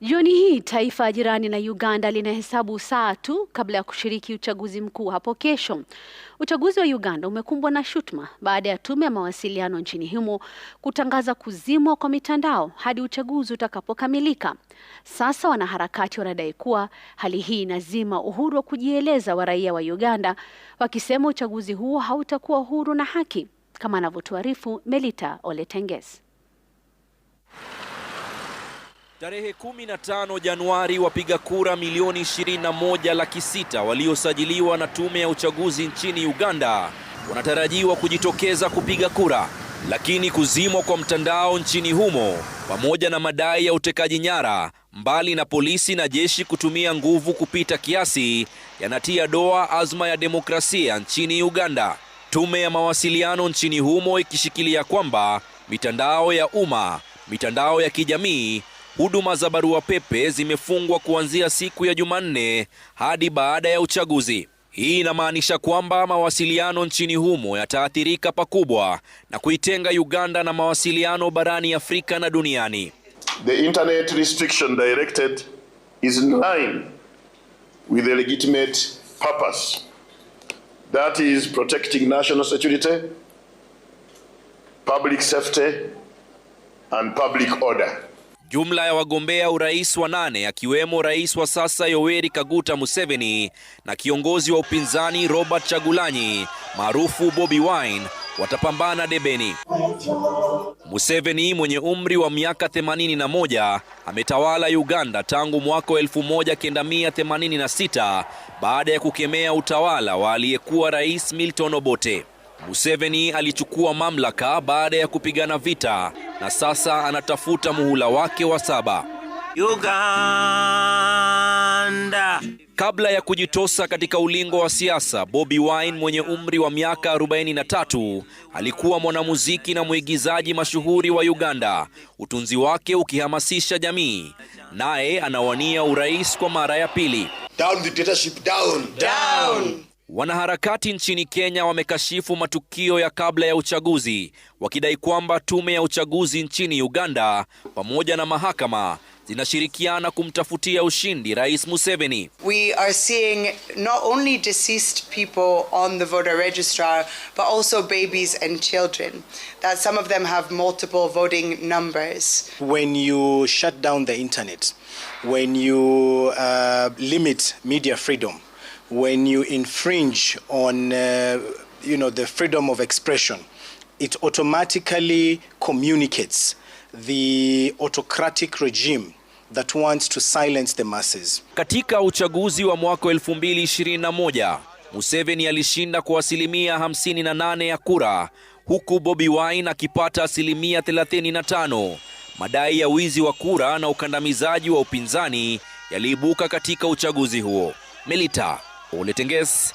Jioni hii taifa jirani na Uganda linahesabu saa tu kabla ya kushiriki uchaguzi mkuu hapo kesho. Uchaguzi wa Uganda umekumbwa na shutuma baada ya tume ya mawasiliano nchini humo kutangaza kuzimwa kwa mitandao hadi uchaguzi utakapokamilika. Sasa wanaharakati wanadai kuwa hali hii inazima uhuru wa kujieleza wa raia wa Uganda, wakisema uchaguzi huo hautakuwa huru na haki, kama anavyotuarifu Melita Oletenges. Tarehe 15 Januari, wapiga kura milioni 21 laki sita waliosajiliwa na tume ya uchaguzi nchini Uganda wanatarajiwa kujitokeza kupiga kura, lakini kuzimwa kwa mtandao nchini humo pamoja na madai ya utekaji nyara, mbali na polisi na jeshi kutumia nguvu kupita kiasi, yanatia doa azma ya demokrasia nchini Uganda. Tume ya mawasiliano nchini humo ikishikilia kwamba mitandao ya umma, mitandao ya kijamii huduma za barua pepe zimefungwa kuanzia siku ya Jumanne hadi baada ya uchaguzi. Hii inamaanisha kwamba mawasiliano nchini humo yataathirika pakubwa na kuitenga Uganda na mawasiliano barani Afrika na duniani. The internet restriction directed is in line with the legitimate purpose that is protecting national security, public safety and public order. Jumla ya wagombea urais wa nane akiwemo rais wa sasa Yoweri Kaguta Museveni na kiongozi wa upinzani Robert Chagulanyi maarufu Bobi Wine watapambana debeni. Museveni mwenye umri wa miaka 81 ametawala Uganda tangu mwaka 1986 baada ya kukemea utawala wa aliyekuwa rais Milton Obote. Museveni alichukua mamlaka baada ya kupigana vita na sasa anatafuta muhula wake wa saba. Uganda. Kabla ya kujitosa katika ulingo wa siasa, Bobi Wine mwenye umri wa miaka 43 alikuwa mwanamuziki na mwigizaji mashuhuri wa Uganda, utunzi wake ukihamasisha jamii. Naye anawania urais kwa mara ya pili. Down dictatorship, down, down. Wanaharakati nchini Kenya wamekashifu matukio ya kabla ya uchaguzi wakidai kwamba tume ya uchaguzi nchini Uganda pamoja na mahakama zinashirikiana kumtafutia ushindi Rais Museveni. We are seeing not only deceased people on the voter registrar but also babies and children that some of them have multiple voting numbers. When you shut down the internet, when you uh, limit media freedom when you infringe on uh, you know the freedom of expression it automatically communicates the autocratic regime that wants to silence the masses. Katika uchaguzi wa mwaka 2021, Museveni alishinda kwa asilimia 58 ya kura huku Bobi Wine akipata asilimia 35. Madai ya wizi wa kura na ukandamizaji wa upinzani yaliibuka katika uchaguzi huo. Melita Ole Tenges